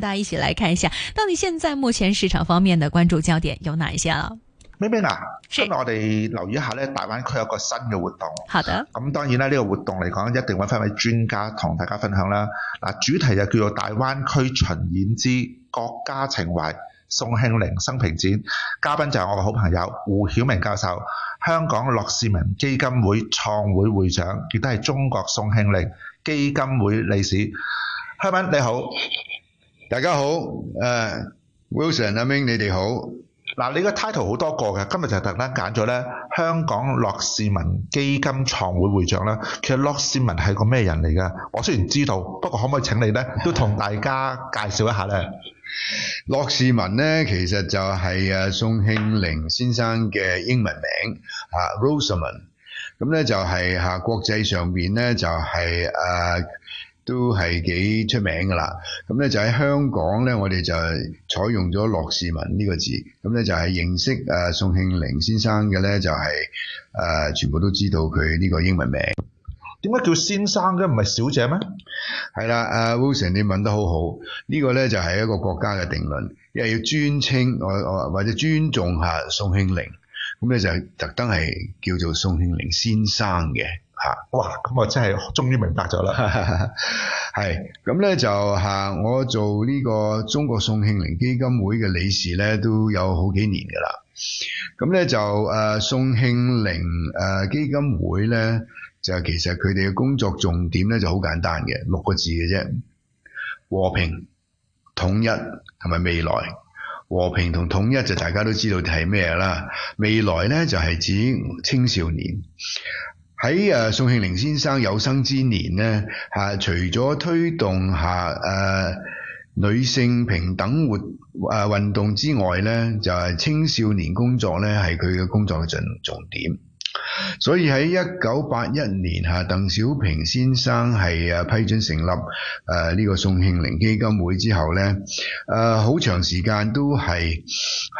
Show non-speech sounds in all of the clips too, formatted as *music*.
大家一起來看一下，到底現在目前市場方面的關注焦點有哪一些明明啊？咩咩嗱，今日我哋留意一下咧，大灣區有個新嘅活動。好的。咁當然啦，呢、這個活動嚟講，一定揾翻位專家同大家分享啦。嗱，主題就叫做《大灣區巡演之國家情懷——宋慶齡生平展》。嘉賓就係我嘅好朋友胡曉明教授，香港洛士文基金會創會會長，亦都係中國宋慶齡基金會理事。嘉賓你好。大家好，誒 Wilson、阿明你哋好。嗱，你個 title 好多個嘅，今日就特登揀咗咧香港洛士文基金創會會長啦。其實洛士文係個咩人嚟㗎？我雖然知道，不過可唔可以請你咧都同大家介紹一下咧？洛士文咧其實就係誒宋慶齡先生嘅英文名嚇 Rosamond。咁咧就係嚇國際上面咧就係誒。都係幾出名噶啦，咁咧就喺香港咧，我哋就係採用咗洛士文呢、這個字，咁咧就係認識誒宋慶齡先生嘅咧，就係、是、誒、呃、全部都知道佢呢個英文名。點解叫先生嘅唔係小姐咩？係啦，阿、啊、Wilson，你問得好好，呢、這個咧就係一個國家嘅定論，因為要尊稱我我、呃、或者尊重下宋慶齡，咁咧就特登係叫做宋慶齡先生嘅。哇！咁我真係終於明白咗啦。係咁咧，就嚇我做呢個中國宋慶齡基金會嘅理事咧，都有好幾年噶啦。咁咧就誒、呃、宋慶齡誒、呃、基金會咧，就其實佢哋嘅工作重點咧就好簡單嘅，六個字嘅啫：和平、統一同埋未來。和平同統一就大家都知道係咩啦。未來咧就係指青少年。喺誒宋慶齡先生有生之年咧，嚇、啊、除咗推動下誒、啊、女性平等活誒、啊、運動之外咧，就係青少年工作咧，係佢嘅工作嘅重重點。所以喺一九八一年嚇、啊，鄧小平先生係啊批准成立誒呢、啊呢個宋慶齡基金會之後咧，誒、啊、好長時間都係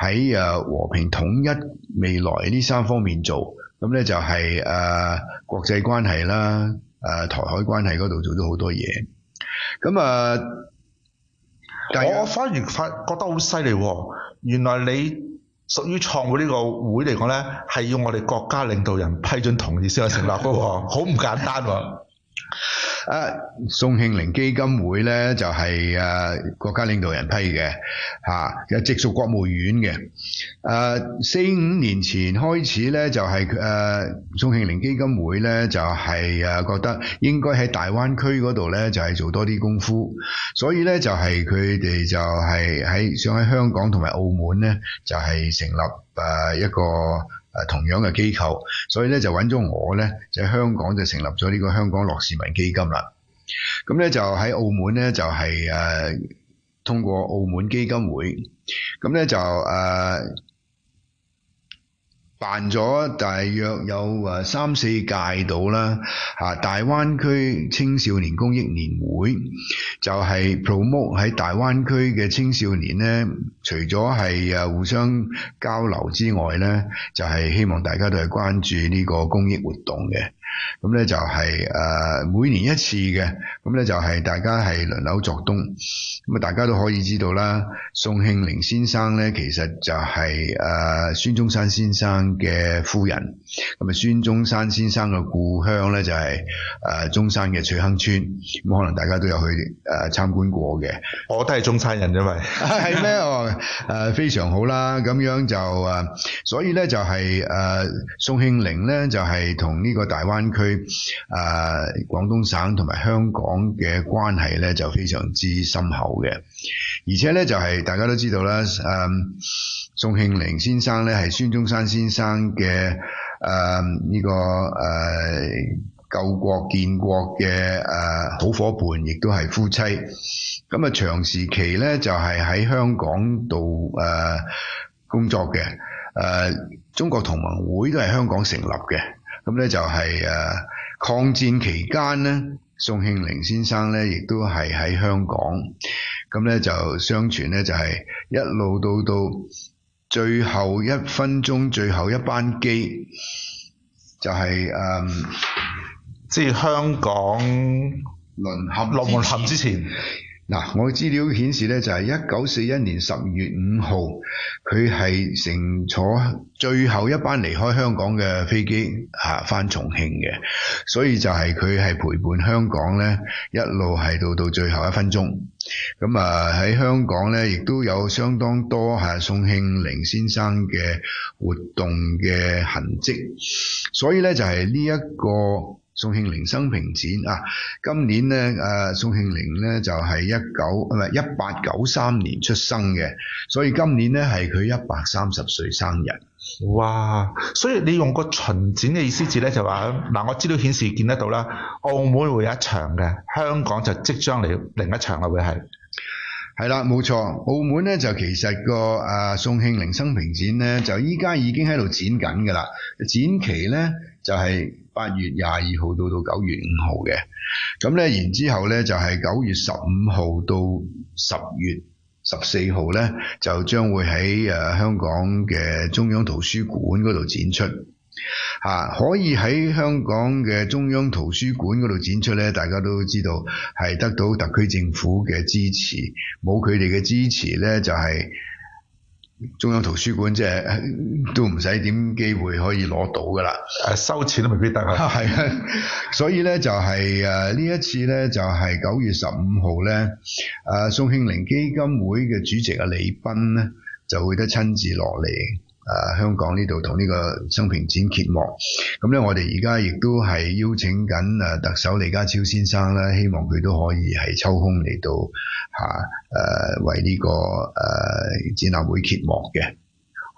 喺誒和平統一未來呢三方面做。咁咧、嗯、就係、是、誒、呃、國際關係啦，誒、呃、台海關係嗰度做咗好多嘢。咁、嗯、啊，呃、但係我反而發覺得好犀利喎！原來你屬於創會呢個會嚟講咧，係要我哋國家領導人批准同意先有成立噶、那、喎、個，好唔 *laughs* 簡單喎、啊！ *laughs* 啊，宋慶齡基金會咧就係、是、誒、啊、國家領導人批嘅，嚇、啊，又直屬國務院嘅。誒四五年前開始咧就係、是、誒、啊、宋慶齡基金會咧就係、是、誒、啊、覺得應該喺大灣區嗰度咧就係、是、做多啲功夫，所以咧就係佢哋就係喺想喺香港同埋澳門咧就係、是、成立誒、啊、一個。誒同樣嘅機構，所以咧就揾咗我咧，就喺香港就成立咗呢個香港洛士文基金啦。咁咧就喺澳門咧就係、是、誒、啊、通過澳門基金會，咁咧就誒。啊辦咗大約有三四屆到啦，吓大灣區青少年公益年會就係 promote 喺大灣區嘅青少年咧，除咗係誒互相交流之外咧，就係希望大家都係關注呢個公益活動嘅。咁咧、嗯、就係、是、誒、呃、每年一次嘅，咁、嗯、咧就係、是、大家係輪流作東，咁、嗯、啊大家都可以知道啦。宋慶齡先生咧其實就係誒孫中山先生嘅夫人，咁啊孫中山先生嘅故鄉咧就係、是、誒、呃、中山嘅翠亨村，咁、嗯、可能大家都有去誒參、呃、觀過嘅。我都係中山人啫嘛，係咩？ *laughs* 哦、呃，誒非常好啦，咁樣就誒、呃，所以咧就係、是、誒、呃、宋慶齡咧就係同呢個大灣。灣區啊，廣、呃、東省同埋香港嘅關係咧就非常之深厚嘅，而且咧就係、是、大家都知道啦，嗯、呃，宋慶齡先生咧係孫中山先生嘅誒呢個誒、呃、救國建國嘅誒好伙伴，亦都係夫妻。咁啊長時期咧就係、是、喺香港度誒、呃、工作嘅，誒、呃、中國同盟會都係香港成立嘅。咁咧就係、是、誒、啊、抗戰期間咧，宋慶齡先生咧亦都係喺香港。咁咧就相傳咧就係一路到到最後一分鐘、最後一班機，就係、是、誒，啊、即係香港淪陷之，淪陷之前。嗱，我嘅資料顯示咧，就係一九四一年十月五號，佢係乘坐最後一班離開香港嘅飛機嚇返重慶嘅，所以就係佢係陪伴香港咧一路係到到最後一分鐘。咁啊喺香港咧，亦都有相當多嚇宋慶齡先生嘅活動嘅痕跡，所以咧就係呢一個，宋慶齡生平展啊！今年咧，啊、呃，宋慶齡咧就係一九唔係一八九三年出生嘅，所以今年咧係佢一百三十歲生日。哇！所以你用個巡展，嘅意思字咧，就話嗱，呃，我知道顯示見得到啦，澳門會有一場嘅，香港就即將嚟另一場啦，會係係啦，冇錯。澳門咧就其實，那個啊、呃、宋慶齡生平展咧就依家已經喺度展緊噶啦，展期咧就係、是。八月廿二號到到九月五號嘅，咁咧然之後咧就係九月十五號到十月十四號咧，就將會喺誒香港嘅中央圖書館嗰度展出嚇、啊。可以喺香港嘅中央圖書館嗰度展出咧，大家都知道係得到特區政府嘅支持，冇佢哋嘅支持咧就係、是。中央圖書館，即係都唔使點機會可以攞到噶啦， *laughs* 收錢都未必得啊！係啊，所以咧就係誒呢一次咧就係九月十五號咧，誒、呃、宋慶齡基金會嘅主席啊李斌咧就會得親自落嚟。誒、啊、香港呢度同呢個生平展揭幕。咁咧我哋而家亦都係邀請緊誒特首李家超先生咧，希望佢都可以係抽空嚟到嚇誒，為呢、呢個誒、啊、展覽會揭幕嘅。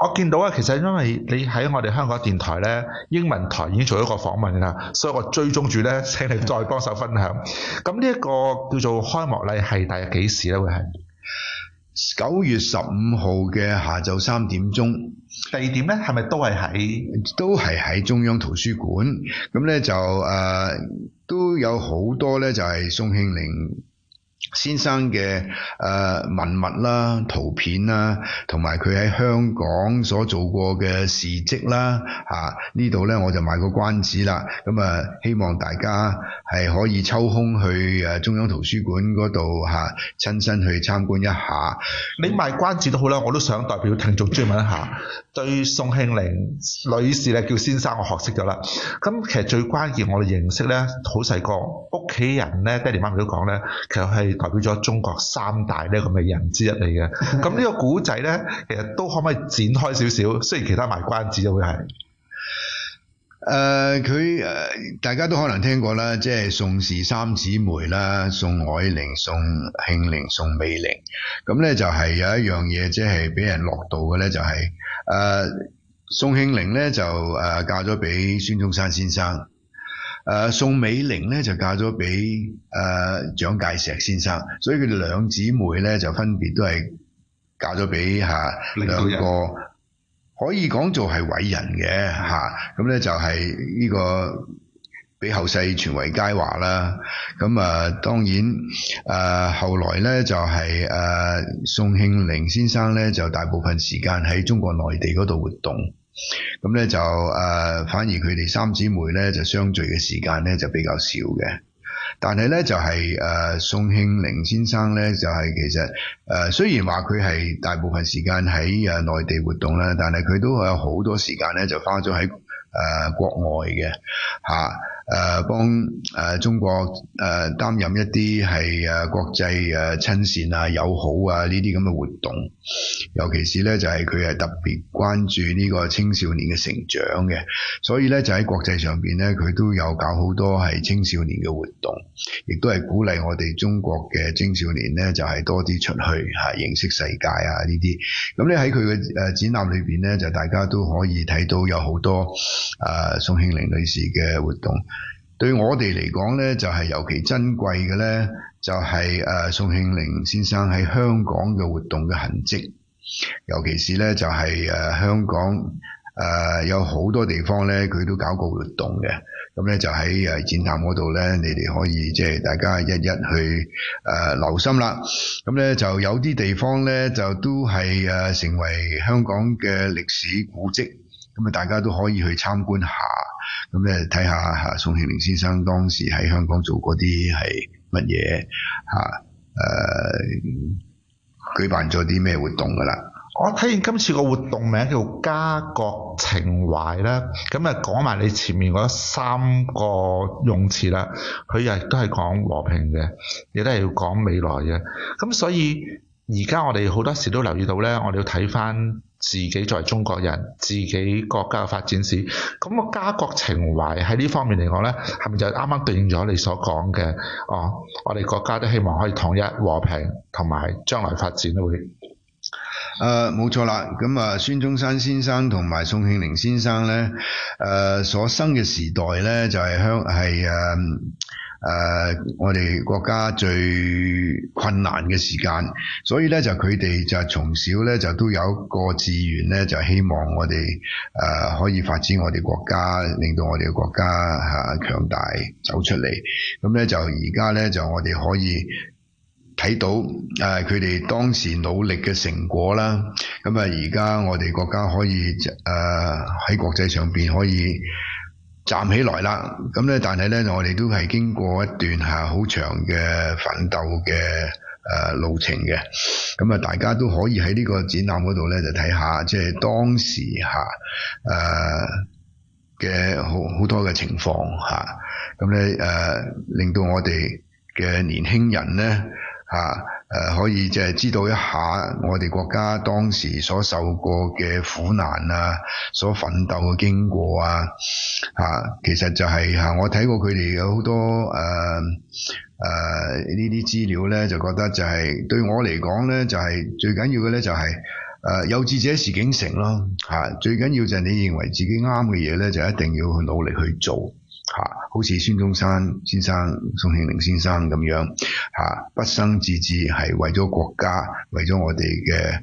我見到啊，其實因為你喺我哋香港電台咧英文台已經做一個訪問㗎啦，所以我追蹤住咧，請你再幫手分享。咁呢一個叫做開幕禮係大約幾時咧會係？九月十五號嘅下晝三點鐘。地點咧係咪都係喺都係喺中央圖書館？咁咧就誒、呃、都有好多咧，就係宋慶齡。先生嘅誒文物啦、圖片啦，同埋佢喺香港所做過嘅事蹟啦，嚇呢度咧我就賣個關子啦。咁啊，希望大家係可以抽空去誒中央圖書館嗰度嚇親身去參觀一下。你賣關子都好啦，我都想代表聽眾追問一下， *laughs* 對宋慶齡女士咧叫先生，我學識咗啦。咁其實最關鍵，我哋認識咧，好細個屋企人咧，爹哋媽咪都講咧，其實係。代表咗中國三大呢個美人之一嚟嘅，咁 *music* 呢個古仔咧，其實都可唔可以展開少少？雖然其他賣關子都會係，誒佢誒大家都可能聽過啦，即係宋氏三姊妹啦，宋靄齡、宋慶齡、宋美齡。咁咧嗯就係有一樣嘢，即係俾人樂道嘅咧，就係誒呃宋慶齡咧就誒嫁咗俾孫中山先生，先生。誒、呃、宋美齡咧就嫁咗俾誒蔣介石先生，所以佢哋兩姊妹咧就分別都係嫁咗俾嚇兩個可以講做係偉人嘅嚇，咁、啊、咧就係呢、這個俾後世傳為佳話啦。咁啊當然誒、啊、後來咧就係、是、誒、啊、宋慶齡先生咧就大部分時間喺中國內地嗰度活動。咁咧、嗯、就誒、呃，反而佢哋三姊妹咧就相聚嘅時間咧就比較少嘅。但係咧就係、是、誒、呃，宋慶齡先生咧就係、是、其實誒、呃，雖然話佢係大部分時間喺誒內地活動啦，但係佢都係有好多時間咧就花咗喺。誒、啊、國外嘅嚇，誒、啊、幫誒、啊、中國誒、啊、擔任一啲係誒國際誒、啊、親善啊、友好啊呢啲咁嘅活動，尤其是咧就係佢係特別關注呢個青少年嘅成長嘅，所以咧就喺國際上邊咧，佢都有搞好多係青少年嘅活動，亦都係鼓勵我哋中國嘅青少年咧，就係、是、多啲出去嚇、啊、認識世界啊呢啲。咁咧喺佢嘅誒展覽裏邊咧，就大家都可以睇到有好多。啊、呃，宋慶齡女士嘅活動，對我哋嚟講咧，就係、是、尤其珍貴嘅咧，就係、是、誒、呃、宋慶齡先生喺香港嘅活動嘅痕跡，尤其是咧就係、是、誒、呃、香港誒、呃、有好多地方咧，佢都搞過活動嘅，咁咧就喺誒、呃、展覽嗰度咧，你哋可以即係大家一一去誒、呃、留心啦。咁咧就有啲地方咧，就都係誒成為香港嘅歷史古蹟。咁啊，大家都可以去參觀下，咁咧睇下嚇宋慶齡先生當時喺香港做過啲係乜嘢嚇？誒、啊呃、舉辦咗啲咩活動噶啦？ *noise* 我睇完今次個活動名叫家國情懷啦，咁啊講埋你前面嗰三個用詞啦，佢又都係講和平嘅，亦都係要講未來嘅，咁所以。而家我哋好多時都留意到咧，我哋要睇翻自己在中國人、自己國家嘅發展史，咁個家國情懷喺呢方面嚟講咧，係咪就啱啱對應咗你所講嘅？哦，我哋國家都希望可以統一、和平同埋將來發展咯，會、呃。冇錯啦。咁啊，孫中山先生同埋宋慶齡先生咧，誒、呃、所生嘅時代咧，就係香係誒。誒、呃，我哋國家最困難嘅時間，所以咧就佢哋就係從小咧就都有一個志願咧，就希望我哋誒、呃、可以發展我哋國家，令到我哋嘅國家嚇、呃、強大走出嚟。咁、嗯、咧就而家咧就我哋可以睇到誒佢哋當時努力嘅成果啦。咁、嗯、啊，而家我哋國家可以誒喺、呃、國際上邊可以站起來啦！咁咧，但係咧，我哋都係經過一段嚇好、啊、長嘅奮鬥嘅誒、啊、路程嘅。咁啊，大家都可以喺呢個展覽嗰度咧，就睇下即係當時嚇誒嘅好好多嘅情況嚇。咁咧誒，令到我哋嘅年輕人咧嚇。啊誒、呃，可以即係知道一下我哋國家當時所受過嘅苦難啊，所奮鬥嘅經過啊，吓、啊，其實就係、是、吓，我睇過佢哋有好多誒誒呢啲資料咧，就覺得就係、是、對我嚟講咧，就係、是、最緊要嘅咧就係誒有志者事竟成咯，吓、啊，最緊要就係你認為自己啱嘅嘢咧，就一定要去努力去做。吓，好似孫中山先生、宋慶齡先生咁樣，嚇、啊、畢生致志，係為咗國家、為咗我哋嘅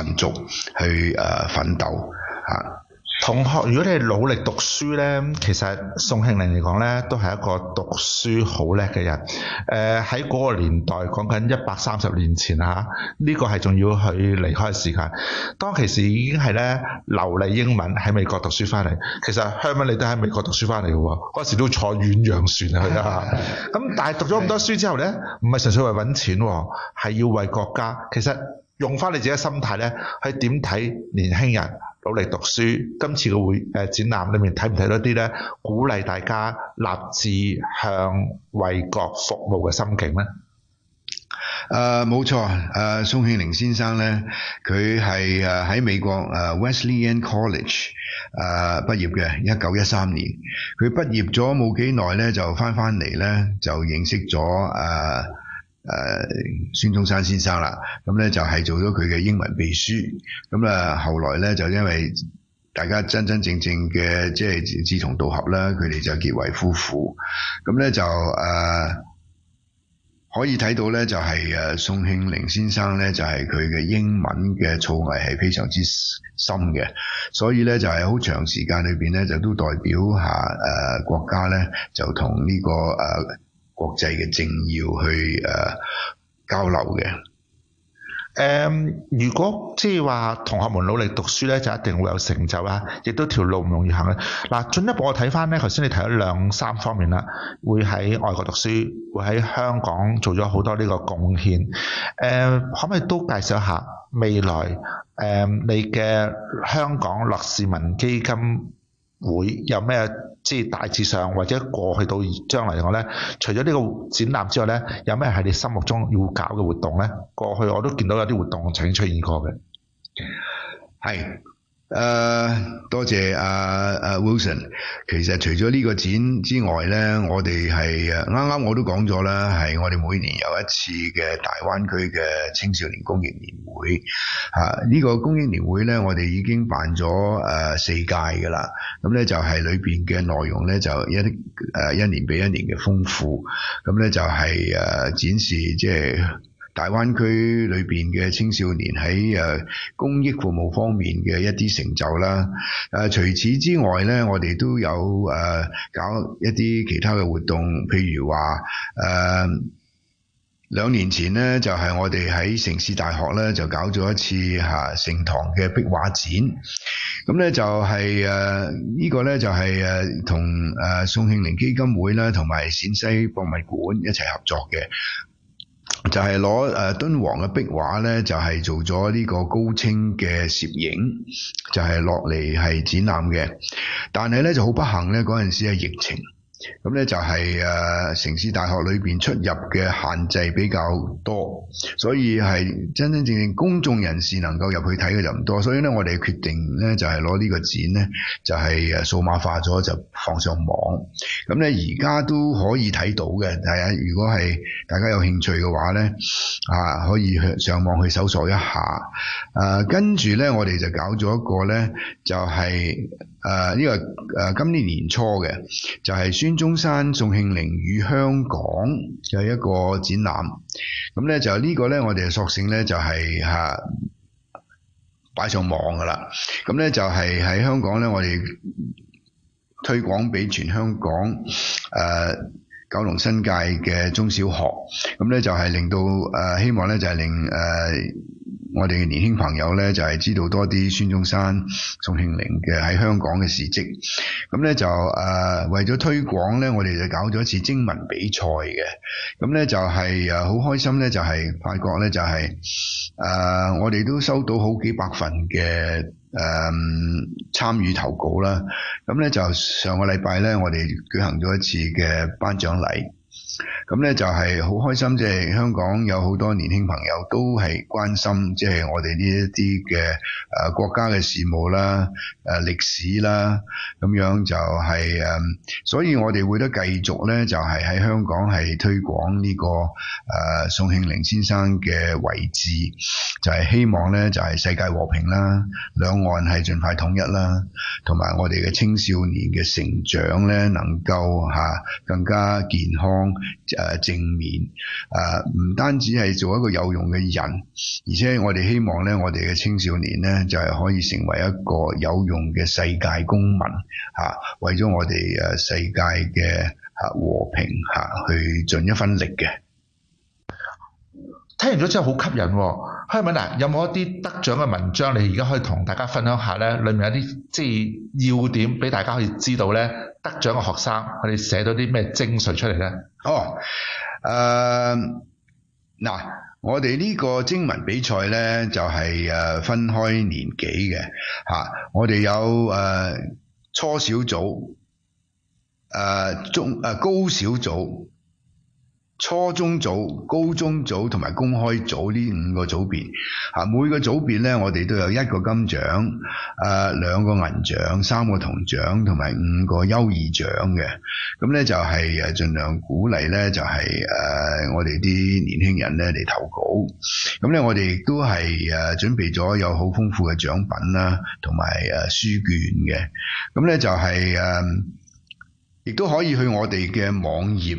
誒民族去誒奮鬥嚇。呃同學，如果你係努力讀書咧，其實宋慶齡嚟講咧，都係一個讀書好叻嘅人。誒、呃，喺嗰個年代，講緊一百三十年前啊，呢個係仲要去離開時間。當其時已經係咧流利英文喺美國讀書翻嚟。其實香港你都喺美國讀書翻嚟嘅喎，嗰時都坐遠洋船去啊。咁 *laughs* 但係讀咗咁多書之後咧，唔係純粹為揾錢喎，係要為國家。其實用翻你自己嘅心態咧，去點睇年輕人？努力讀書，今次嘅會誒展覽裏面睇唔睇到啲咧，鼓勵大家立志向為國服務嘅心境咧？誒，冇錯，誒，宋慶齡先生咧，佢係誒喺美國誒 Wesleyan College 誒畢業嘅，一九一三年，佢畢業咗冇幾耐咧，就翻翻嚟咧，就認識咗誒。誒、呃、孫中山先生啦，咁、嗯、咧就係、是、做咗佢嘅英文秘書，咁、嗯、啊後來咧就因為大家真真正正嘅即係志同道合啦，佢哋就結為夫婦，咁、嗯、咧就誒、呃、可以睇到咧就係、是、誒宋慶齡先生咧就係佢嘅英文嘅造詣係非常之深嘅，所以咧就係、是、好長時間裏邊咧就都代表下誒、呃、國家咧就同呢、這個誒。呃國際嘅政要去誒交流嘅，誒如果即係話同學們努力讀書咧，就一定會有成就啊！亦都條路唔容易行嘅。嗱，進一步我睇翻咧，頭先你提咗兩三方面啦，會喺外國讀書，會喺香港做咗好多呢個貢獻。誒，可唔可以都介紹一下未來誒你嘅香港洛士文基金會有咩？大致上，或者過去到將嚟嚟講呢，除咗呢個展覽之外呢，有咩係你心目中要搞嘅活動呢？過去我都見到有啲活動曾經出現過嘅，係。誒，uh, 多謝啊阿、uh, uh, Wilson。其實除咗呢個展之外咧，我哋係誒啱啱我都講咗啦，係我哋每年有一次嘅大灣區嘅青少年公益年會。吓、啊，呢、這個公益年會咧，我哋已經辦咗誒、uh, 四屆噶啦。咁咧就係、是、裏邊嘅內容咧，就一誒、uh, 一年比一年嘅豐富。咁咧就係、是、誒、uh, 展示即係。就是大灣區裏邊嘅青少年喺誒公益服務方面嘅一啲成就啦。誒、啊、除此之外咧，我哋都有誒、啊、搞一啲其他嘅活動，譬如話誒、啊、兩年前咧，就係、是、我哋喺城市大學咧就搞咗一次嚇聖、啊、堂嘅壁畫展。咁咧就係誒呢個咧就係誒同誒宋慶齡基金會啦，同埋陝西博物館一齊合作嘅。就係攞誒敦煌嘅壁畫咧，就係做咗呢個高清嘅攝影，就係落嚟係展覽嘅。但係咧就好不幸咧，嗰陣時係疫情。咁咧就係誒城市大學裏邊出入嘅限制比較多，所以係真真正正公眾人士能夠入去睇嘅就唔多，所以咧我哋決定咧就係攞呢個展咧就係誒數碼化咗就放上網，咁咧而家都可以睇到嘅，係啊，如果係大家有興趣嘅話咧，啊可以上網去搜索一下，誒跟住咧我哋就搞咗一個咧就係誒呢個誒今年年初嘅就係。孫中山、宋慶齡與香港嘅、就係、一個展覽，咁咧就個呢個咧，我哋索性咧就係吓擺上網噶啦，咁咧就係喺香港咧，我哋推廣俾全香港誒、呃、九龍新界嘅中小學，咁咧就係令到誒、呃、希望咧就係、係、令誒。呃我哋嘅年輕朋友咧，就係、是、知道多啲孫中山、宋慶齡嘅喺香港嘅事蹟。咁咧就誒、呃，為咗推廣咧，我哋就搞咗一次徵文比賽嘅。咁咧就係、是、誒，好開心咧，就係發覺咧，就係、是、誒、呃，我哋都收到好幾百份嘅誒參與投稿啦。咁咧就上個禮拜咧，我哋舉行咗一次嘅頒獎禮。咁咧就係好開心，即、就、係、是、香港有好多年輕朋友都係關心，即、就、係、是、我哋呢一啲嘅誒國家嘅事務啦、誒、呃、歷史啦，咁樣就係、是、誒、嗯，所以我哋會都繼續咧，就係、是、喺香港係推廣呢、這個誒、呃、宋慶齡先生嘅遺志。就係、是、希望咧就係、是、世界和平啦，兩岸係盡快統一啦，同埋我哋嘅青少年嘅成長咧，能夠吓、啊、更加健康。誒，正面誒，唔單止係做一個有用嘅人，而且我哋希望咧，我哋嘅青少年咧，就係可以成為一個有用嘅世界公民，吓，為咗我哋誒世界嘅吓和平吓，去盡一分力嘅。聽完咗之後好吸引，哦，香文啊，有冇一啲得獎嘅文章？你而家可以同大家分享下咧，裏面有啲即係要點俾大家可以知道咧。得獎嘅學生，我哋寫咗啲咩精髓出嚟咧？哦，誒嗱，我哋呢個徵文比賽咧，就係、是、誒分開年紀嘅嚇，我哋有誒、呃、初小組，誒、呃、中誒、呃、高小組。初中組、高中組同埋公開組呢五個組別，啊每個組別咧，我哋都有一個金獎、誒、呃、兩個銀獎、三個銅獎同埋五個優異獎嘅。咁咧就係誒盡量鼓勵咧就係、是、誒、呃、我哋啲年輕人咧嚟投稿。咁咧我哋亦都係誒準備咗有好豐富嘅獎品啦，同埋誒書券嘅。咁咧就係、是、誒、呃、亦都可以去我哋嘅網頁。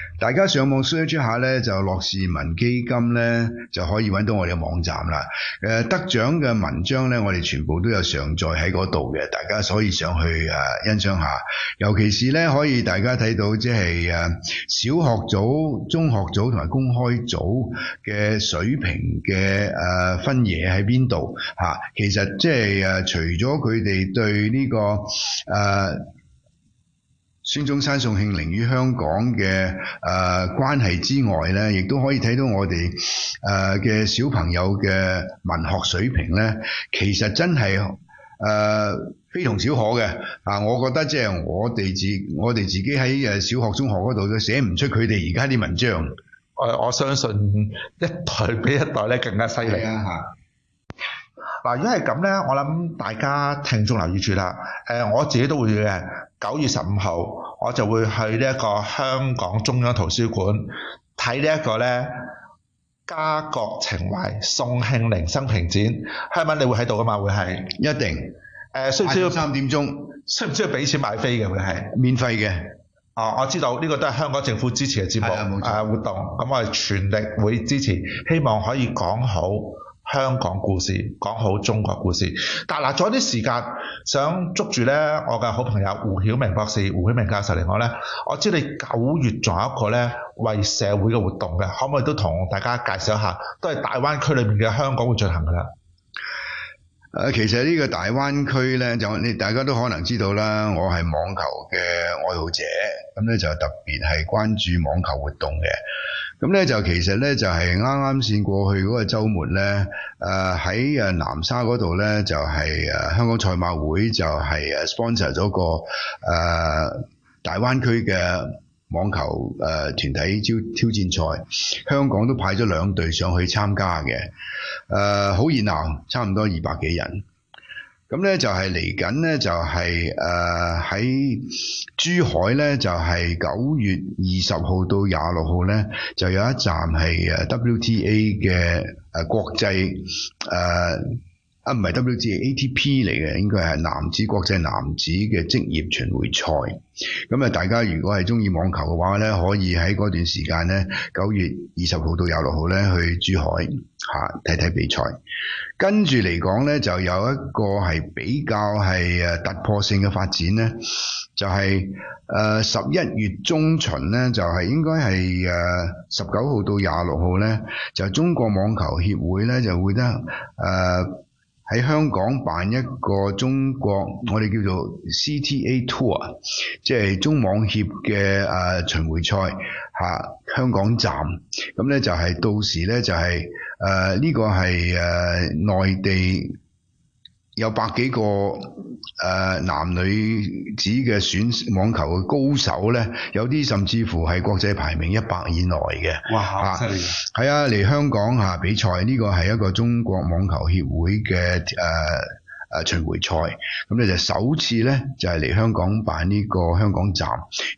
大家上網 search 下咧，就洛士文基金咧，就可以揾到我哋嘅網站啦。誒、呃、得獎嘅文章咧，我哋全部都有上載喺嗰度嘅，大家所以想去誒、啊、欣賞下。尤其是咧，可以大家睇到即係誒小學組、中學組同埋公開組嘅水平嘅誒、啊、分野喺邊度嚇？其實即係誒，除咗佢哋對呢、這個誒。啊孫中山、宋慶齡與香港嘅誒、呃、關係之外咧，亦都可以睇到我哋誒嘅小朋友嘅文學水平咧，其實真係誒、呃、非同小可嘅。啊，我覺得即係我哋自我哋自己喺誒小學、中學嗰度都寫唔出佢哋而家啲文章。我我相信一代比一代咧更加犀利吖。嗱，如果係咁咧，我諗大家聽眾留意住啦。誒，我自己都會嘅。九月十五號，我就會去呢一個香港中央圖書館睇呢一個咧家國情懷——宋慶齡生平展。香港？你會喺度噶嘛？會係？一定。誒、呃，需唔需要？三點鐘。需唔需要俾錢買飛嘅？會係？免費嘅。哦，我知道呢個都係香港政府支持嘅節目。係啊，冇錯。誒，活動，咁我哋全力會支持，希望可以講好。香港故事講好中國故事，但嗱，仲有啲時間想捉住咧，我嘅好朋友胡曉明博士、胡曉明教授嚟講咧，我知你九月仲有一個咧為社會嘅活動嘅，可唔可以都同大家介紹一下？都係大灣區裏面嘅香港會進行㗎啦。誒，其實呢個大灣區咧，就你大家都可能知道啦，我係網球嘅愛好者，咁咧就特別係關注網球活動嘅。咁咧就其實咧就係啱啱先過去嗰個週末咧，誒喺誒南沙嗰度咧就係、是、誒香港賽馬會就係 sponsor 咗個誒、呃、大灣區嘅網球誒、呃、團體挑挑戰賽，香港都派咗兩隊上去參加嘅，誒、呃、好熱鬧，差唔多二百幾人。咁咧就係嚟緊咧，就係誒喺珠海咧，就係九月二十號到廿六號咧，就有一站係誒 WTA 嘅誒國際誒。呃啊，唔係 WG，ATP 嚟嘅，應該係男子國際男子嘅職業巡迴賽。咁、嗯、啊，大家如果係中意網球嘅話咧，可以喺嗰段時間咧，九月二十號到廿六號咧，去珠海嚇睇睇比賽。跟住嚟講咧，就有一個係比較係誒突破性嘅發展咧，就係誒十一月中旬咧，就係、是、應該係誒十九號到廿六號咧，就中國網球協會咧就會得誒。呃喺香港辦一個中國，我哋叫做 CTA Tour，即係中網協嘅誒、啊、巡迴賽，嚇、啊、香港站，咁、嗯、咧就係、是、到時咧就係誒呢個係誒、啊、內地。有百幾個誒男女子嘅選網球嘅高手咧，有啲甚至乎係國際排名一百以內嘅。哇！嚇，犀利！係啊，嚟香港嚇比賽，呢個係一個中國網球協會嘅誒誒巡迴賽。咁咧就首次咧就係嚟香港辦呢個香港站。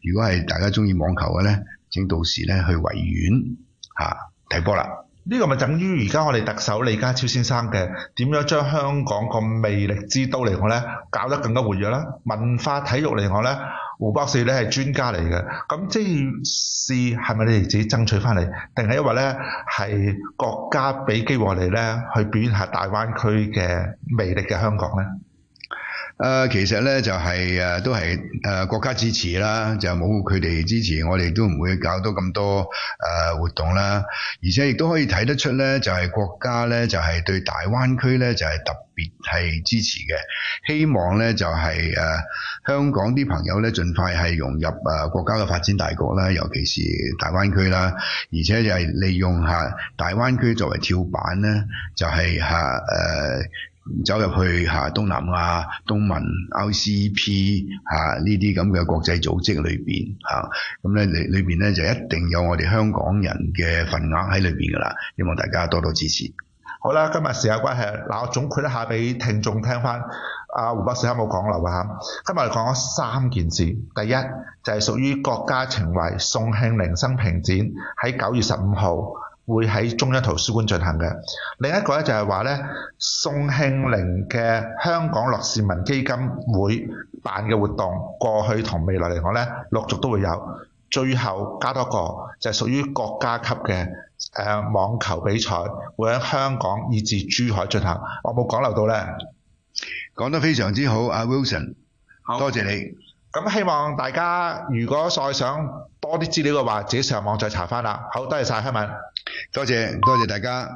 如果係大家中意網球嘅咧，請到時咧去維園嚇睇波啦。呢個咪等於而家我哋特首李家超先生嘅點樣將香港個魅力之都嚟講咧，搞得更加活躍啦，文化體育嚟講咧，胡博士咧係專家嚟嘅，咁即係試係咪你哋自己爭取翻嚟，定係因為咧係國家俾機會你咧去表現下大灣區嘅魅力嘅香港咧？啊、呃，其實咧就係、是、誒、呃，都係誒、呃、國家支持啦，就冇佢哋支持，我哋都唔會搞到咁多誒、呃、活動啦。而且亦都可以睇得出咧，就係、是、國家咧就係、是、對大灣區咧就係、是就是、特別係支持嘅。希望咧就係、是、誒、呃、香港啲朋友咧，盡快係融入誒、呃、國家嘅發展大局啦，尤其是大灣區啦。而且就係利用下大灣區作為跳板咧，就係嚇誒。呃呃走入去嚇東南亞、東盟、OCP 嚇呢啲咁嘅國際組織裏邊嚇，咁咧裏裏邊咧就一定有我哋香港人嘅份額喺裏邊噶啦，希望大家多多支持。好啦，今日時間關係，嗱我總括一下俾聽眾聽翻。阿、啊、胡曉明冇講漏啊嚇，今日講咗三件事。第一就係、是、屬於國家情懷，宋慶齡生平展喺九月十五號。會喺中央圖書館進行嘅。另一個咧就係話咧，宋慶齡嘅香港洛士文基金會辦嘅活動，過去同未來嚟講咧，陸續都會有。最後加多個就係、是、屬於國家級嘅誒、呃、網球比賽會喺香港以至珠海進行。我冇講漏到咧，講得非常之好，阿 Wilson，好多謝你。咁好希望大家如果再想多啲資料嘅話，自己上網再查翻啦。好，多謝曬，希敏。多謝多謝大家。